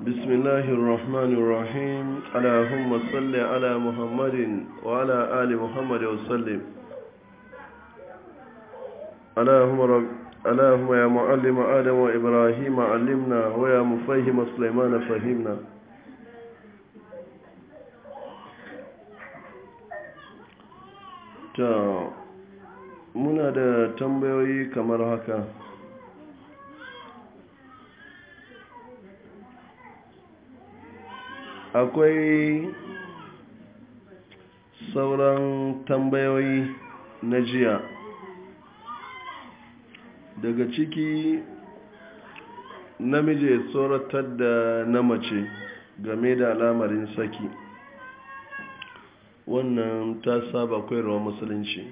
بسم الله الرحمن الرحيم اللهم صل على محمد وعلى آل محمد وسلم اللهم رب اللهم يا معلم آدم وإبراهيم علمنا ويا مفهم سليمان فهمنا ta muna da tambayoyi kamar haka akwai sauran tambayoyi na jiya daga ciki namiji ya tsoratar da na mace game da alamarin saki wannan ta saba koyarwa musulunci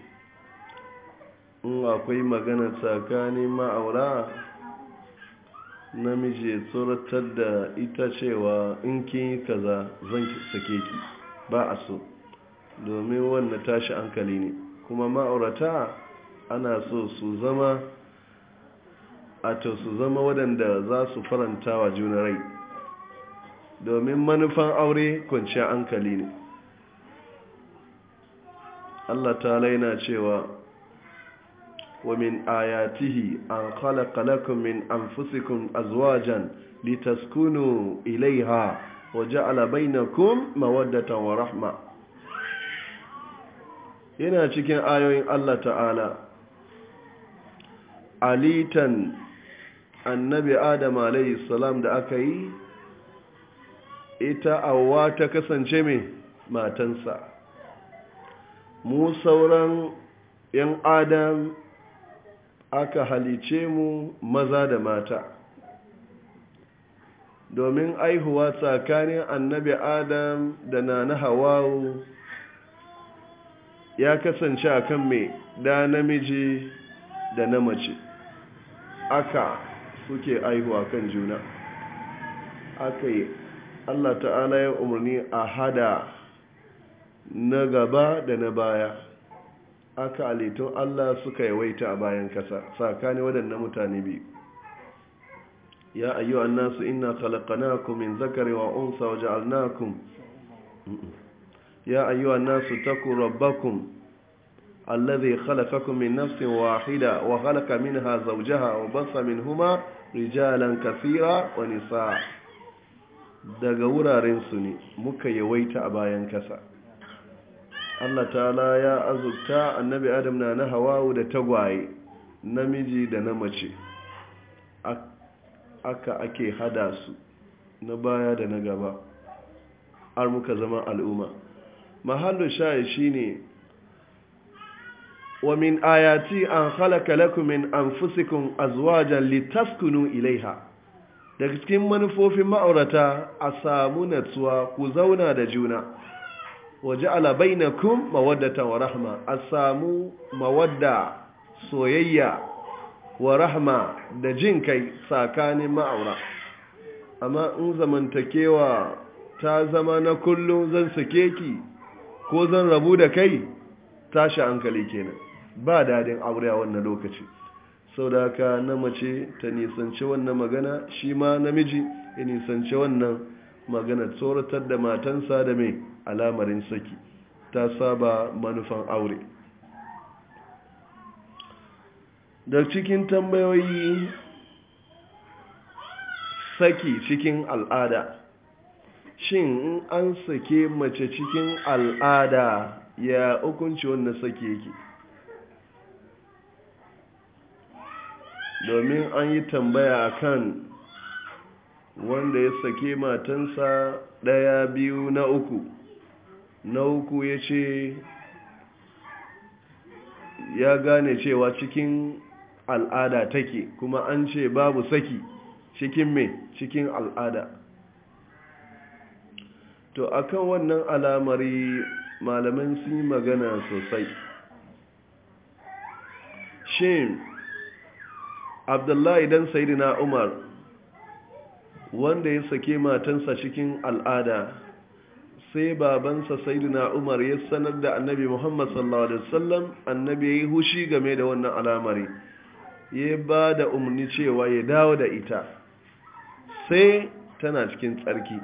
in akwai magana tsakanin ma'aura namiji ya tsoratar da ita cewa in kin yi kaza zan sake ki ba a so domin wannan tashi hankali ne kuma ma'aurata ana so su zama a to su zama waɗanda za su faranta wa juna rai domin manufan aure kwanciya hankali ne Allah ta laina cewa ومن آياته أن خلق لكم من أنفسكم أزواجا لتسكنوا إليها وجعل بينكم مودة ورحمة هنا cikin ayoyin Allah ta'ala alitan annabi Adam alayhi salam da aka yi ita awwa ta kasance mai matansa mu sauran yan Adam aka halice mu maza da mata domin aihuwa tsakanin annabi adam da nana hawawu ya kasance a kan mai da namiji da na mace aka suke aihuwa kan juna aka yi allah ta'ala ya umarni a hada na gaba da na baya aka halittun Allah suka yawaita a bayan kasa tsakanin waɗannan mutane biyu ya ayyu annasu inna khalaqnakum min zakari wa unsa wa ja'alnakum ya ayyu annasu taku rabbakum alladhi khalaqakum min nafsin wahida wa khalaqa minha zawjaha wa basa minhuma rijalan kathira wa nisa. daga wuraren su ne muka yawaita a bayan kasa Allah ta'ala ya azurta annabi adam na na hawawu da tagwaye namiji da na mace aka ake hada su na baya da na gaba har muka zama al'umma mahallu sha'i shine wa min ayati an khalaqa lakum min anfusikum azwajan litaskunu ilaiha daga cikin manufofin ma'aurata a samu natsuwa ku zauna da juna waje alabai na kun mawaddata wa rahama a samu mawadda soyayya wa rahama da jin kai tsakanin ma'aura amma in zamantakewa ta zama na kullum zan sake ki ko zan rabu da kai tashi hankali kenan ba dadin aure a wannan lokaci sau da ka na mace ta nisanci wannan magana shi ma namiji ya nisanci wannan magana tsoratar da matansa da mai alamarin saki ta saba manufan aure da cikin tambayoyi saki cikin al'ada shin an sake mace cikin al'ada ya hukunci wannan sake yake domin an yi tambaya akan wanda ya sake matansa ɗaya biyu na uku na uku ya ce ya gane cewa cikin al'ada take kuma an ce babu saki cikin mai cikin al'ada to akan wannan alamari malaman sun yi magana sosai shin abdullahi dan sayidina umar wanda ya sake matansa cikin al'ada sai babansa na Umar ya sanar da Annabi Muhammad sallallahu alaihi wasallam Annabi ya yi hushi game da wannan al'amari ya ba da umarni cewa ya dawo da ita sai tana cikin tsarki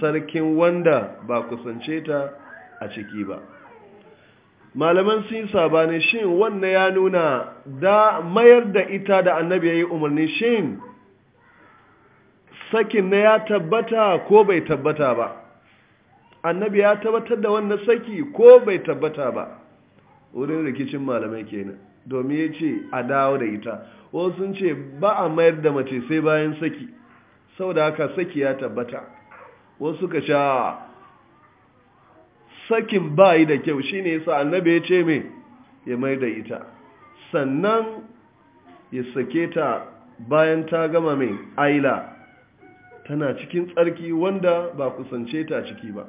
sarkin wanda ba kusance ta a ciki ba malaman sun yi sabanin shin wannan ya nuna da mayar da ita da annabi ya yi umarni shin sakin na ya tabbata ko bai tabbata ba annabi ya tabbatar da wannan saki ko bai tabbata ba wurin rikicin malamai kenan domin ya ce a dawo da ita wasu sun ce ba a mayar da mace sai bayan saki saboda haka saki ya tabbata wasu suka sha sakin bayi da kyau shine yasa annabi ya ce me ya mayar da ita sannan ya sake ta bayan ta gama mai aila tana cikin tsarki wanda ba kusance ta ciki ba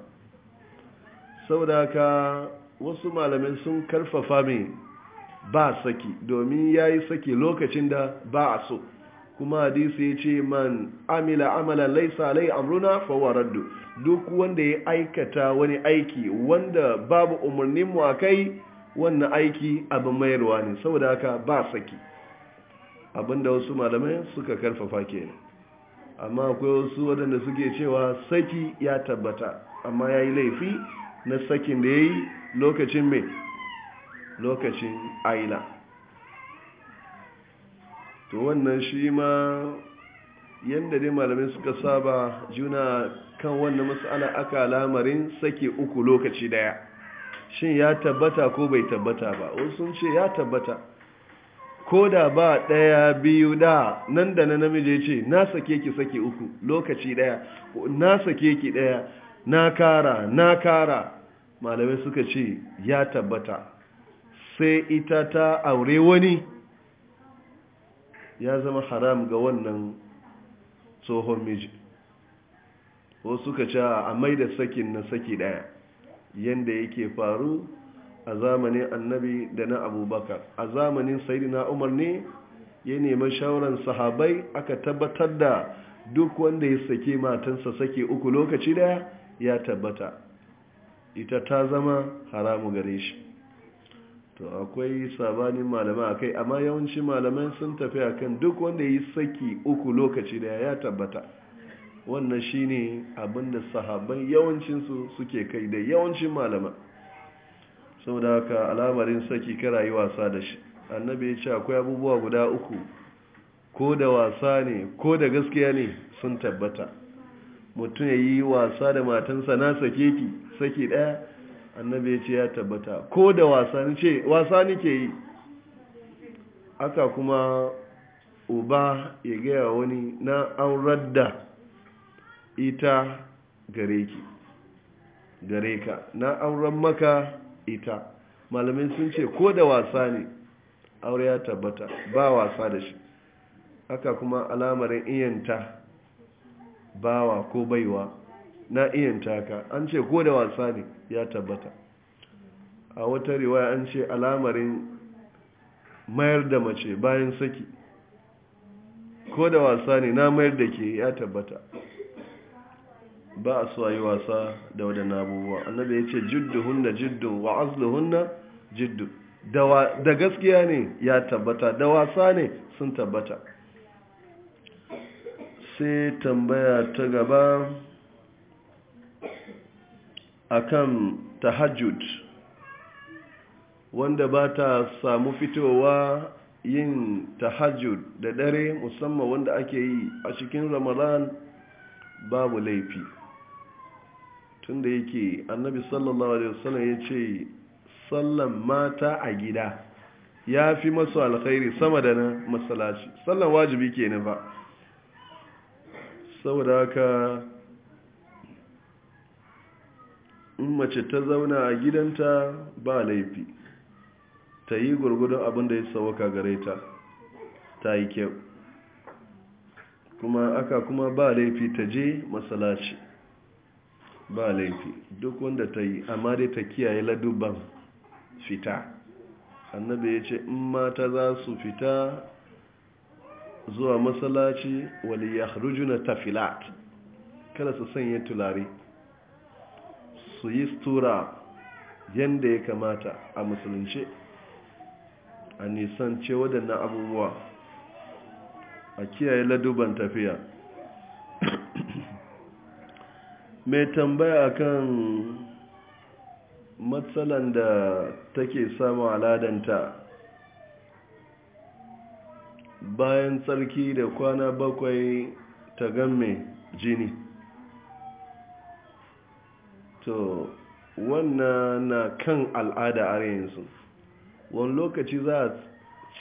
saboda haka wasu malamai sun karfafa mai ba saki domin ya yi saki lokacin da ba a so kuma hadisi ya ce man amila amala laisa lai amruna fawaraddu duk wanda ya aikata wani aiki wanda babu umarninmu a kai wannan aiki abin mayarwa ne saboda haka ba saki abinda wasu malamai suka karfafa kenan amma akwai wasu waɗanda suke cewa saki ya tabbata amma ya yi laifi na sakin da ya yi lokacin mai lokacin aila to wannan shi ma yadda dai malamai suka saba juna kan wannan matsala aka lamarin sake uku lokaci daya shin ya tabbata ko bai tabbata ba wasu sun ce ya tabbata ko da ba ɗaya biyu da nan da na namiji ya ce na sake ki sake uku lokaci ɗaya na sake ki ɗaya na kara na kara malamai suka ce ya tabbata sai ita ta aure wani ya zama haram ga wannan tsohon miji ko suka ce a mai da sakin na saki ɗaya yadda yake faru a zamanin annabi da na abubakar a zamanin sayidina umar ne ya nemi shawarar sahabai aka tabbatar da duk wanda ya sake matansa sake uku lokaci daya ya tabbata ita ta zama haramu gare shi to akwai sabanin malama akai amma yawanci malamai sun tafi akan duk wanda ya saki uku lokaci daya ya tabbata wannan shine abinda sahaban yawancinsu suke kai da yawancin malama saboda haka alamarin saki kara yi wasa da shi annabi ya ce akwai abubuwa guda uku ko da wasa ne ko da gaskiya ne sun tabbata mutum ya yi wasa da matansa na sake ki saki daya annabi ya ce ya tabbata ko da wasa ne ce wasa ne ke yi aka kuma uba ya gaya wani na an radda ita gare ki gare ka na auren maka ita malamin sun ce ko da wasa ne aure ya tabbata ba wasa da shi haka kuma alamarin iyanta bawa ko baiwa na iyanta ka an ce ko da wasa ne ya tabbata a wata riwaya an ce alamarin mayar da mace bayan saki ko da wasa ne na mayar da ke ya tabbata ba a so yi wasa da wadannan abubuwa annabi ya ce jiddu hunna jiddu wa azlu hunna jiddu da gaskiya ne ya tabbata da wasa ne sun tabbata sai tambaya ta gaba a kan tahajjud wanda ba ta samu fitowa yin tahajjud da dare musamman wanda ake yi a cikin ramadan babu laifi tunda yake annabi sallallahu alaihi wasallam ya ce sallan mata a gida ya fi masu alkhairi sama da na masalaci sallan wajibi ke na ba saboda haka in mace ta zauna a gidanta ba laifi ta yi gurgudun abin da ya sauka gare ta ta yi kyau kuma aka kuma ba laifi ta je masalaci ba laifi duk wanda ta yi amma dai ta kiyaye ladubban fita annabi ya ce in mata za su fita zuwa matsalaci wali ya rujuna tafilat kada su sanya tulare su yi stura yadda ya kamata a musulunci a nisance waɗannan abubuwa a kiyaye ladubban tafiya mai tambaya kan matsalan da take samu aladanta bayan tsarki da kwana bakwai ta game jini to wannan na kan al'ada a yanzu wani lokaci za a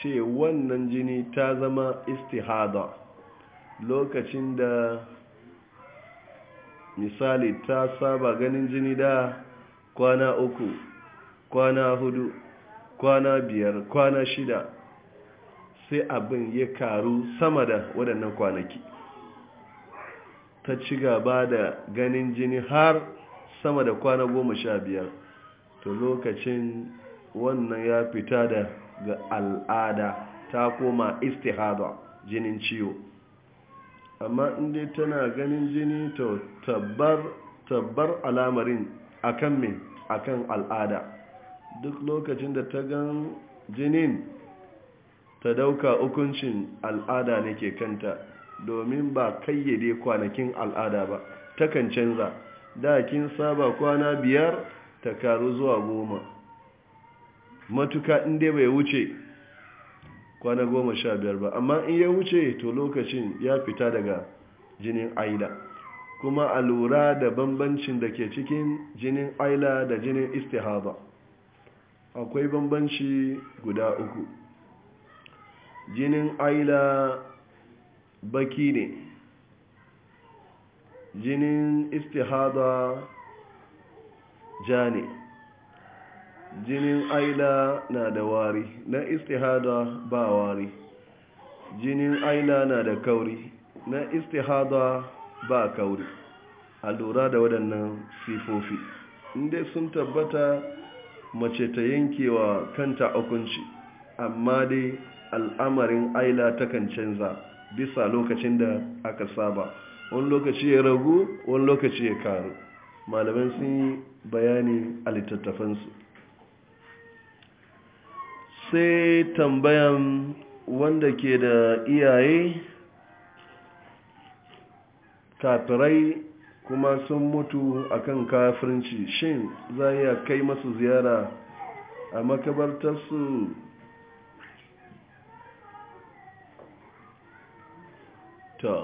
ce wannan jini ta zama istihada lokacin da misali ta saba ganin jini da kwana uku kwana hudu kwana biyar kwana shida sai abin ya karu sama da waɗannan kwanaki ta ci gaba da ganin jini har sama da kwana goma sha biyar to lokacin wannan ya fita da ga al'ada ta koma istihada jinin ciwo amma in dai tana ganin jini to tabbar tabbar alamarin akan min akan al'ada duk lokacin da ta gan jinin ta dauka hukuncin al'ada ne ke kanta domin ba kayyade kwanakin al'ada ba takan canza da kin saba kwana biyar ta karu zuwa goma matuka inda bai wuce kwana goma sha biyar ba amma in ya wuce to lokacin ya fita daga jinin aila kuma a lura da bambancin da ke cikin jinin aila da jinin istihaba akwai bambanci guda uku jinin aila baki ne jinin istihaba ja ne jinin aila na da wari na istihada ba wari jinin aila na da kauri na istihada ba kauri a lura da waɗannan sifofi inda sun tabbata mace ta yankewa kanta hukunci amma dai al'amarin aila takan canza bisa lokacin da aka saba wani lokaci ya ragu wani lokaci ya karu Malamai sun yi bayani a littattafansu sai tambayan wanda ke da iyaye kafirai kuma sun mutu akan kafirci shin za iya kai masu ziyara a makabartarsu ta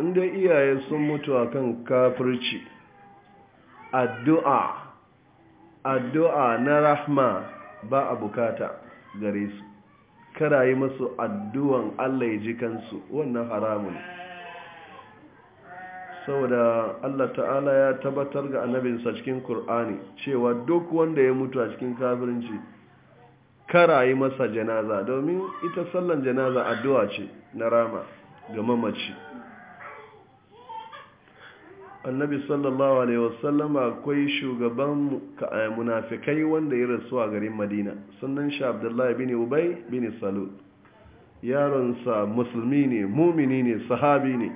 inda iyaye sun mutu akan kafirci addu'a addu'a na rahma ba a bukata gare su kada yi masu addu'an Allah ya ji kansu wannan haramun saboda Allah ta'ala ya tabbatar ga annabinsa cikin Kur'ani cewa duk wanda ya mutu a cikin kafirinci kara yi masa janaza domin ita sallan janaza addu'a ce na rama ga mamaci annabi sallallahu alaihi wasallam akwai shugaban eh, munafikai wanda ya rasu a garin madina sannan shi abdullahi bin ubay bin salul yaronsa musulmi ne mumini ne sahabi ne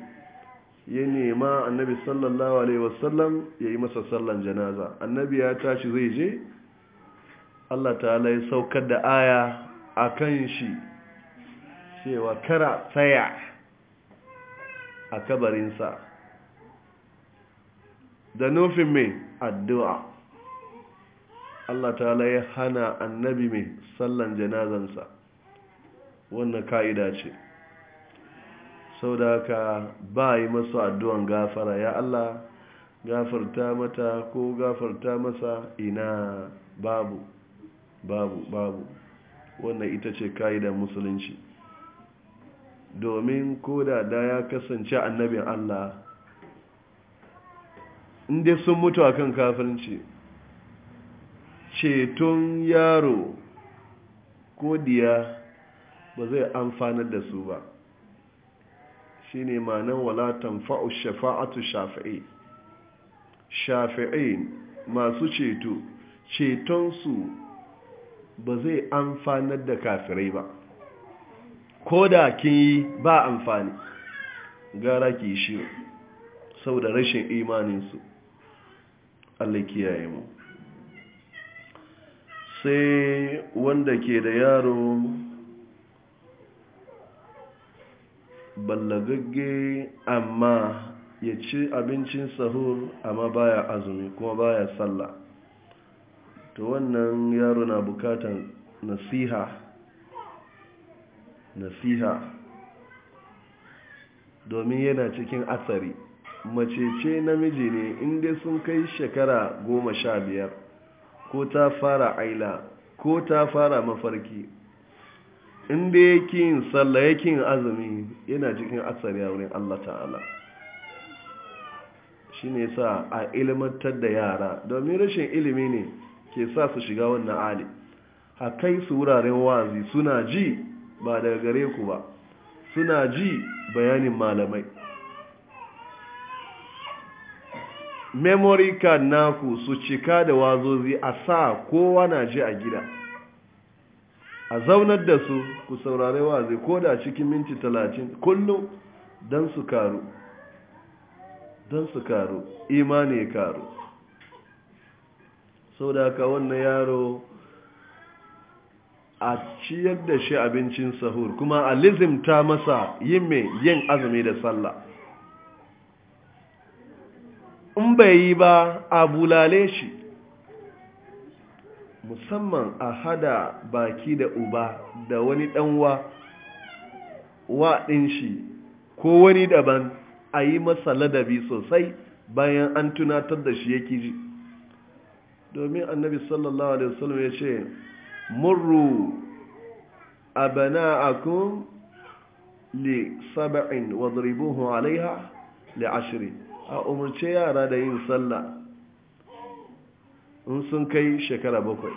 ya nema annabi sallallahu alaihi wasallam ya yi masa sallan janaza annabi ya tashi zai je allah ta'ala ya saukar da aya a kan shi cewa kara tsaya a kabarinsa da nufin mai addu'a Allah ta ya hana annabi mai sallan janazansa wannan ka'ida ce sau da ka ba yi masu addu'an gafara ya Allah gafarta mata ko gafarta masa ina babu babu babu wannan ita ce ka'idan musulunci domin ko da ya kasance annabin Allah inda sun mutu a kan kafirci ceton yaro ko diya ba zai amfanar da su ba shi ne manan walatan fa'u shafa'atu shafi'i shafi'i masu ceto cetonsu ba zai amfanar da kafirai ba ko da kin yi ba amfani gara ki shi sau da rashin imaninsu Allah kiyaye mu sai wanda ke da yaro ballagagge amma ya ci abincin sahur amma baya azumi kuma baya sallah to wannan yaro na bukatan nasiha nasiha domin yana cikin asari Mace ce namiji ne inda sun kai shekara goma sha biyar ko ta fara aila ko ta fara mafarki inda yake yin tsalla yake yin azumi yana cikin asali a wurin Allah ta'ala shi ne sa a ilimantar da yara domin rashin ilimi ne ke sa su shiga wannan ali a kai su wuraren wazi suna ji ba daga gare ku ba suna ji bayanin malamai memory card naku su cika da wazozi a sa kowa na ji a gida a zaunar da su ku saurare wazi ko da cikin minti talatin kullum don su karu don su karu imani karu sau da aka wannan yaro a ciyar da shi abincin sahur kuma a lizimta masa yin mai yin azumi da sallah bai yi ba a bulale shi musamman a hada baki da uba da wani ɗanwa wa ɗin shi ko wani daban a yi masa ladabi sosai bayan an tunatar da shi yake ji domin annabi sallallahu alaihi wasallam ya ce murru abana'akum li sab'in wadribuhu alaiha li ashirin. a umarce yara da yin sallah in sun kai shekara bakwai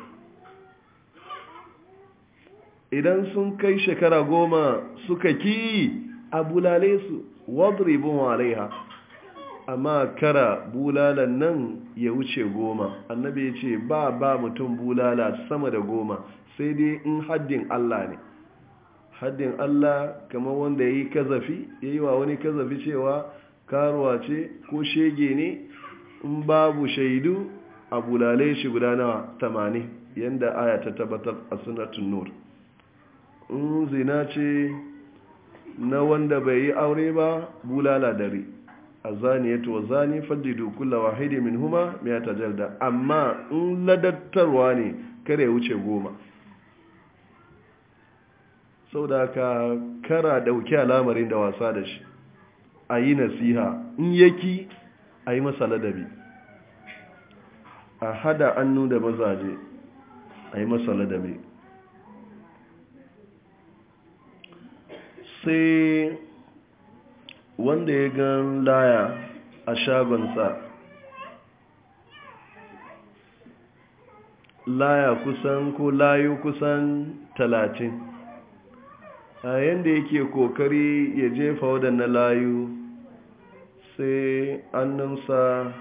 idan sun kai shekara goma suka ki a bulale su wadribun ha?" amma kara bulalan nan ya wuce goma annabi ya ce ba ba mutum bulala sama da goma sai dai in haddin Allah ne haddin Allah kamar wanda ya yi kazafi ya yi wa wani kazafi cewa karuwa ce ko shege ne in babu shaidu a bulale shi guda nawa tamanin yadda aya ta tabbatar a sunatun nur in zina ce na wanda bai yi aure ba bulala dare a zaniyatu wa zani faddidu kulla wahidi min huma mai ta amma in ladattarwa ne kare wuce goma sau da ka kara dauki alamarin da wasa da shi a yi nasiha in yaki a yi masa ladabi a hada annu da mazaje a yi masa ladabi sai wanda ya gan laya a shagonsa laya kusan ko layu kusan talatin a yadda yake kokari ya jefa waɗannan layu sai annunsa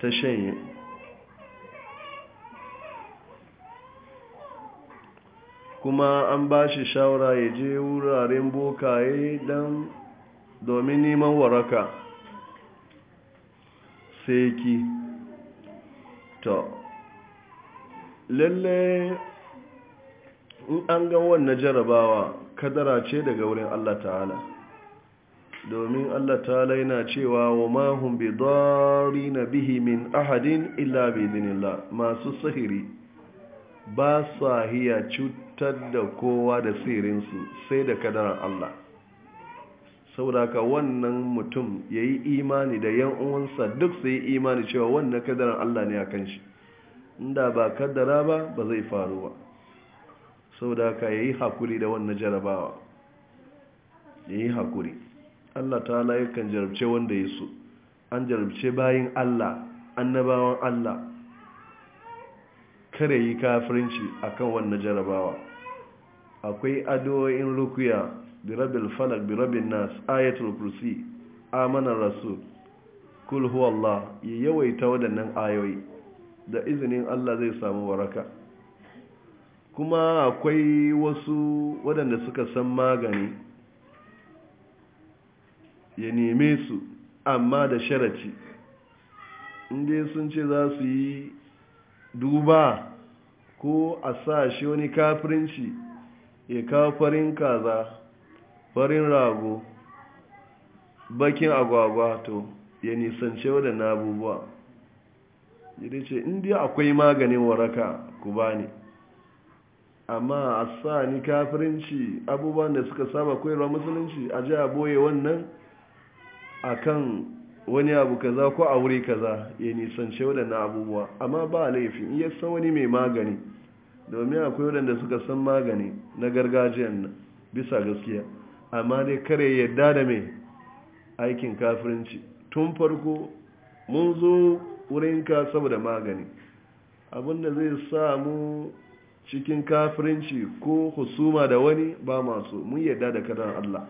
ta shanye kuma an ba shi shawara ya je wuraren bokaye don domin neman waraka sai ki to lalle in an ga wannan jarabawa kadara ce daga wurin allah ta'ala domin Allah Ta laina cewa wa mahun bi dori na bihi min ahadin illa bi zinila masu sihiri ba su hiya cutar da kowa da sirinsu sai da kadarar Allah saboda ka wannan mutum ya yi imani da yan uwansa duk su yi imani cewa wannan kadarar Allah ne a kan shi inda ba kadara ba ba zai faru ba saboda ka ya yi hakuri da wannan jarabawa ya yi hakuri Allah ta halaye kan jarabce wanda ya so an jarabce bayan Allah annabawan Allah kare yi kafirinci akan wannan jarabawa akwai addu'o'in rukuya bi rabbil falak bi rabbin nas ayatul kursi amana rasul kul huwallah ya yawaita waɗannan ayoyi da izinin Allah zai samu waraka kuma akwai wasu waɗanda suka san magani ya neme su amma da sharaci inda sun ce za su yi duba ko a sa shi wani kafirinci ya kawo farin kaza farin rago bakin agwagwa to ya nisance na abubuwa ya ce inda akwai maganin waraka ku ba ne amma a sa ni kafirinci abubuwan da suka saba koyarwa musulunci a ji a boye wannan akan wani abu kaza ko a wuri kaza ya nisance waɗannan abubuwa amma ba laifi in ya san wani mai magani domin akwai waɗanda suka san magani na gargajiyan bisa gaskiya amma dai kare yadda da mai aikin kafirinci tun farko mun zo wurinka saboda magani abinda zai samu cikin kafirinci ko husuma da wani ba masu mun yadda da kadan Allah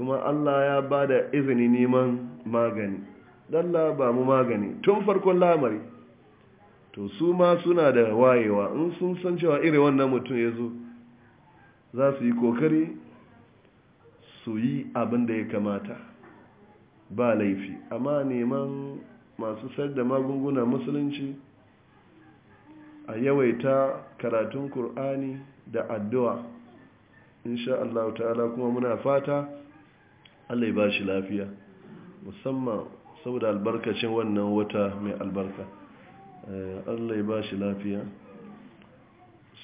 kuma Allah ya ba da izini neman magani dalla ba mu magani tun farkon lamari to su ma suna da wayewa in sun san cewa irin wannan mutum ya zo za su yi kokari su yi abin da ya kamata ba laifi amma neman masu sayar da magunguna musulunci a yawaita karatun Kur'ani da addu'a insha Allah ta'ala kuma muna fata Allah ya ba shi lafiya musamman saboda albarkacin wannan wata mai albarka eh, Allah ya ba shi lafiya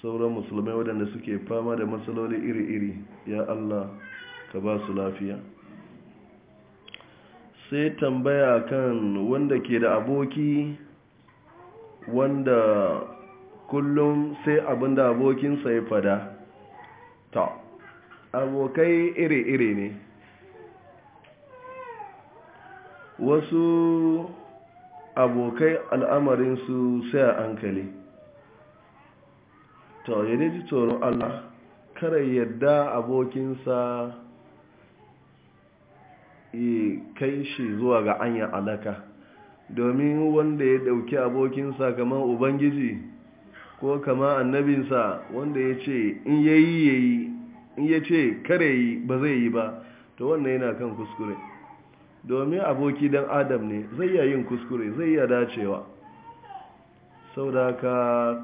sauran musulmai waɗanda suke fama da matsaloli iri-iri ya Allah ka ba su lafiya sai tambaya kan wanda ke da aboki wanda kullum sai abinda abokinsa ya fada ta abokai iri-iri ne wasu abokai al'amarinsu sai a hankali to yadda ji tsoron allah kare yadda abokinsa kai shi zuwa ga anya alaka domin wanda ya dauki abokinsa kamar ubangiji ko kama annabinsa wanda ya ce in yayi yayi in ya ce kare yi ba zai yi ba to wannan yana kan kuskure domin aboki dan adam ne zai iya yin kuskure zai iya dacewa sau da haka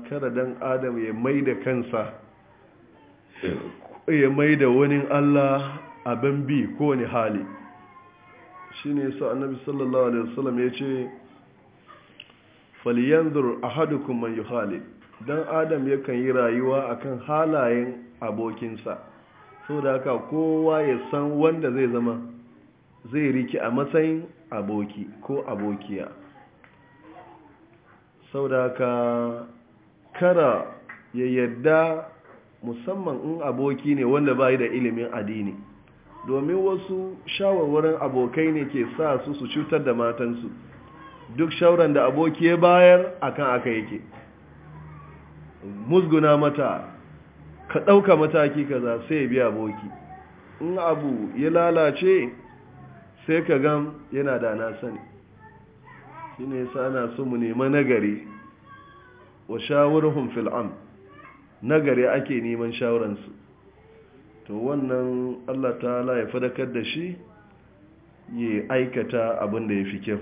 kada dan adam ya mai da kansa ya mai da wani allah abin bi kowane hali shi ne sa annabi sallallahu alaihi wasallam ya ce faliyanzur kuma yi hali. dan adam yakan yi rayuwa akan halayen abokinsa sau da haka kowa ya san wanda zai zama zai riki a matsayin aboki ko abokiya sau da ka kara ya yadda musamman in aboki ne wanda bai da ilimin adini domin wasu shawarwarin abokai ne ke sa su su cutar da matansu duk shawaran da aboki ya bayar akan aka yake musguna mata ka ɗauka mataki kaza sai biya aboki in abu ya lalace sai ka gam yana da na sani shi ne yasa ana so mu nema nagari wa shawarhum fil am nagari ake neman shawararsu to wannan Allah ta'ala ya fadakar da shi ya aikata abin da ya fi kyau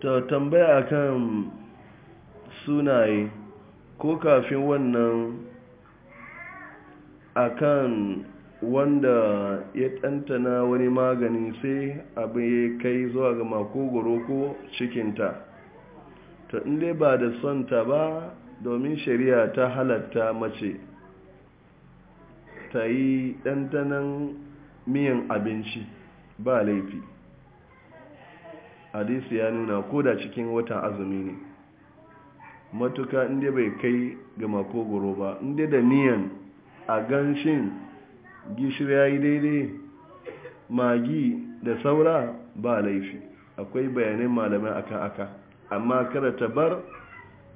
ta tambaya kan sunaye ko kafin wannan akan wanda ya ɗantana wani magani sai abu ya kai zuwa ga makogoro ko cikinta ta inda ba da son ta ba domin shari'a ta halatta mace ta yi ɗantanan miyan abinci ba laifi hadisi ya nuna ko da cikin watan azumi ne matuka inda bai kai ga makogoro ba inda da miyan a ganshin gishiri ya yi daidai magi da saura ba laifi akwai bayanai malamai akan aka amma kada ta bar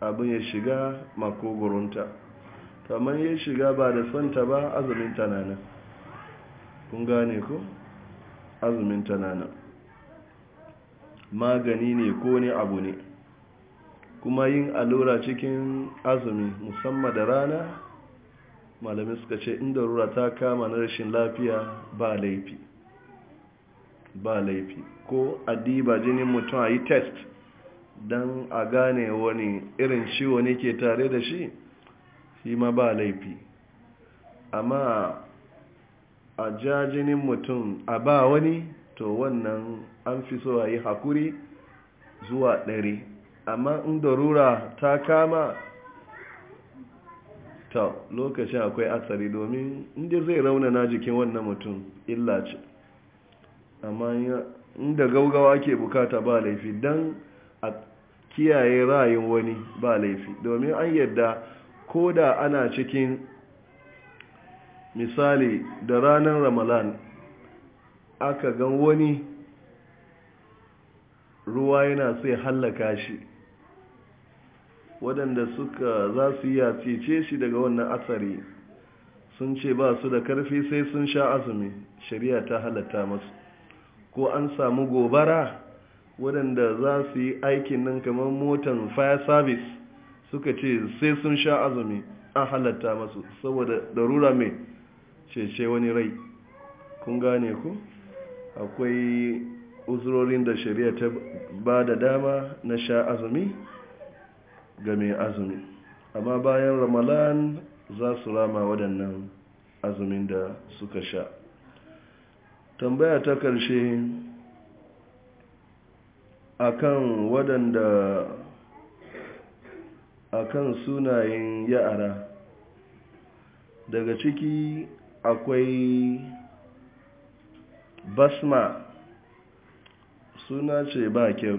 abin ya shiga makogoronta kamar ya shiga ba da santa ba azumin tanana kun gane ko azumin tanana magani ne ko ne abu ne kuma yin allura cikin azumi musamman da rana malamai suka ce inda rura ta kama na rashin lafiya ba laifi ba laifi ko a diba jinin mutum a yi test don a gane wani irin ciwo ne ke tare da shi shi ma ba laifi amma a ja jinin mutum a ba wani to wannan an fi so a yi hakuri zuwa ɗari amma inda rura ta kama ta lokaci akwai asari domin inda zai raunana jikin wannan mutum illa ce amma inda gaugawa ke bukata ba laifi don a kiyaye ra'ayin wani ba laifi domin an yadda ko da ana cikin misali da ranar ramalan aka gan wani ruwa yana sai hallaka shi waɗanda suka za su yi cece shi daga wannan asari sun ce ba su da karfi sai sun sha azumi shari'a ta halatta masu ko an samu gobara waɗanda za su yi aikin nan kamar motan fire service suka ce sai sun sha azumi an halatta masu saboda darura mai cece wani rai kun gane ku akwai uzurorin da shari'a ta ba da dama na sha azumi ga mai azumi amma bayan ramadan za su rama waɗannan azumin da suka sha tambaya ta ƙarshe akan waɗanda akan sunayen ya'ara daga ciki akwai basma suna ce ba kyau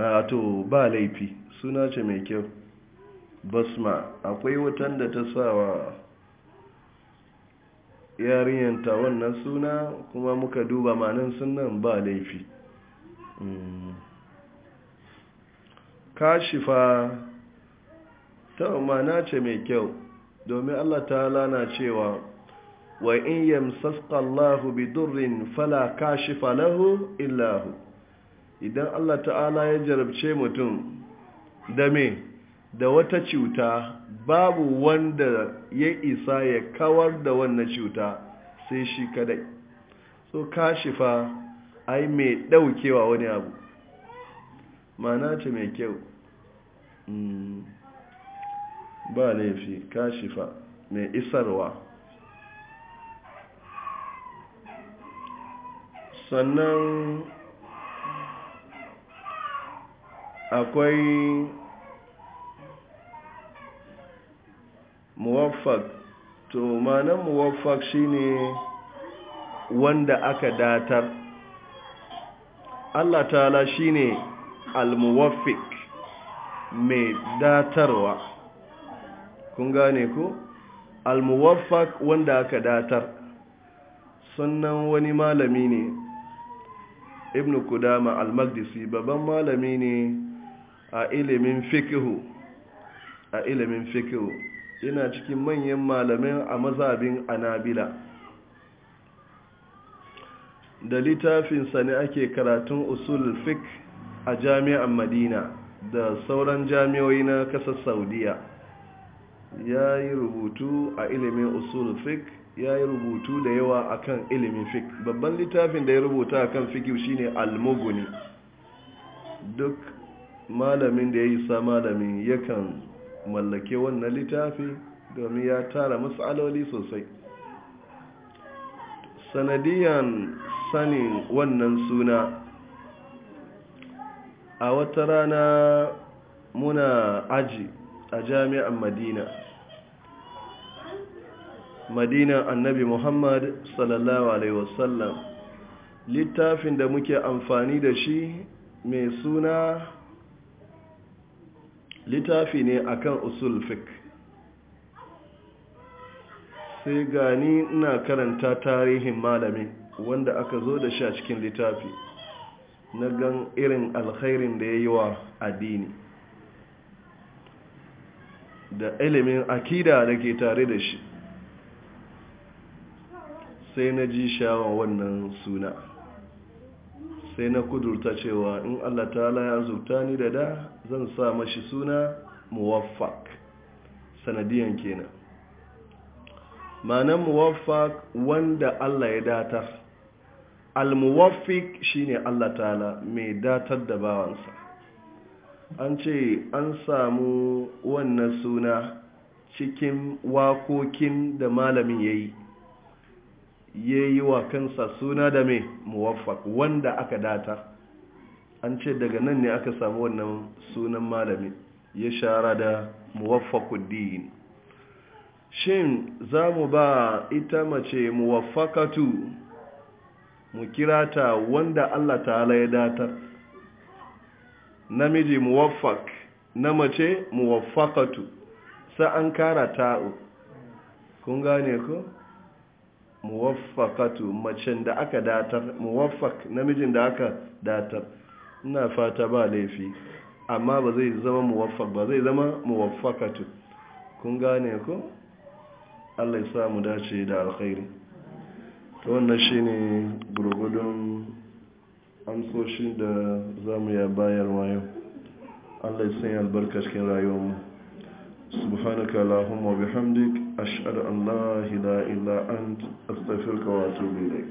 a to ba laifi suna ce mai kyau basma akwai watan da ta sawa yarinyanta wannan suna kuma muka duba manin sunan ba laifi mm. kashifa ta na ce mai kyau domin allah ta lana cewa wa in yamsaska allahu bidurrin fala kashifa lahu illahu idan allah ta'ala ya jarabce mutum da me da wata cuta babu wanda ya isa ya kawar da wannan cuta sai shi kadai so kashifa ai mai daukewa wani abu mana ce mai kyau hmm. ba laifi kashifa mai isarwa sannan akwai muwaffaq to ma'anar muwaffaq shine wanda aka datar Allah ta'ala shine al-muwaffiq mai datarwa kun gane ku al-muwaffaq wanda aka datar sannan wani malami ne ibnu kudama al maqdisi babban malami ne a ilimin fikihu a ilimin fikihu yana cikin manyan malamin a mazabin anabila da littafinsa ne ake karatun usul fik a jami'an madina da sauran jami'oyi na kasar saudiya ya yi rubutu a ilimin usul fik ya yi rubutu da yawa kan ilimin fik babban littafin da ya rubuta akan fikiu shine almuguni duk malamin da ya yi sa malamin yakan mallake wannan littafi domin ya tara matsaloli sosai sanadiyan sanin wannan suna a wata rana muna aji a jami'an madina madina annabi muhammad sallallahu alaihi wasallam littafin da muke amfani da shi mai suna littafi ne akan usul fik sai gani ina karanta tarihin malami wanda aka zo da sha cikin littafi na gan irin alkhairin da ya yi wa addini da ilimin akida da ke tare da shi sai na ji shawa wannan suna sai na kudurta cewa in allah ta ya zubta ni da da zan sa mashi suna muwaffaq sanadiyan kenan ma'anar muwaffaq wanda Allah ya datar al-muwaffiq shine Allah ta'ala mai datar da bawansa an ce an samu wannan suna cikin wakokin da malamin yayi yayi wa kansa suna da mai muwaffaq wanda aka datar an ce daga nan ne aka samu wannan sunan malami ya shara da muwaffakuddin shin za mu ba ita mace muwaffakatu mu kira ta wanda Allah ta ya datar namiji muwaffak na mace muwaffakatu sa'an kara ta'u kun gane ko muwaffakatu macen da aka datar muwaffak namijin da aka datar ina fata ba laifi amma ba zai zama muwaffaq ba zai zama muwaffaqatu kun gane ko Allah ya samu dace da alkhairi to wannan shine gurgudun amsoshin da zamu ya bayarwa yau Allah ya sanya albarka cikin rayuwarmu subhanaka allahumma bihamdik ashhadu an la ilaha illa ant astaghfiruka wa atubu ilayk